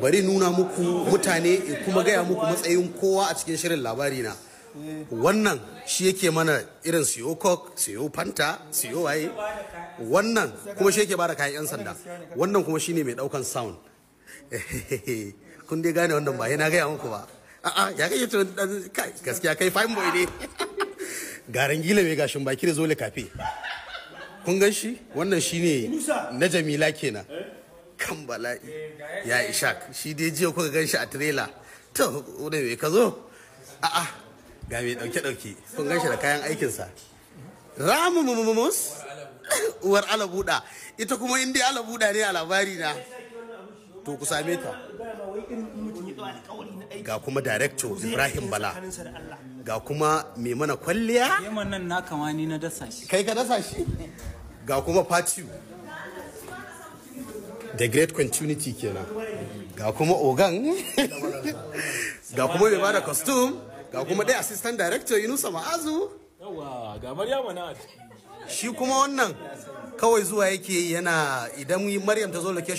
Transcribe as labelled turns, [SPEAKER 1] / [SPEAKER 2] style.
[SPEAKER 1] bari nuna muku mutane kuma gaya muku matsayin kowa a cikin shirin labari na wannan shi yake mana irin siyo coke siyo fanta siyo waye wannan kuma shi yake bada kayan yan sanda wannan kuma shine mai daukan sound kun dai gane wannan ba yana gaya muku ba a'a ya kai to gaskiya kai fine boy ne garan gila mai gashin baki da zole kafe kun gan shi wannan shine na jamila kenan kan bala'i ya ishak shi dai jiya kuka gan shi a tirela to wani mai ka zo a'a ga mai dauke dauke kun gan shi da kayan aikinsa ramu mummus uwar alabuda ita kuma in dai alabuda ne a labari na to ku same ta
[SPEAKER 2] ga kuma director ibrahim bala
[SPEAKER 1] ga kuma mai mana kwalliya yaman nan na kamani na dasa shi kai ka dasa shi ga kuma fatiu the great continuity kenan ga kuma ogan ga kuma mai bada costume ga kuma dai assistant director yunusa ma'azu yawa ga maryam shi kuma wannan kawai zuwa yake yana idan maryam ta zo location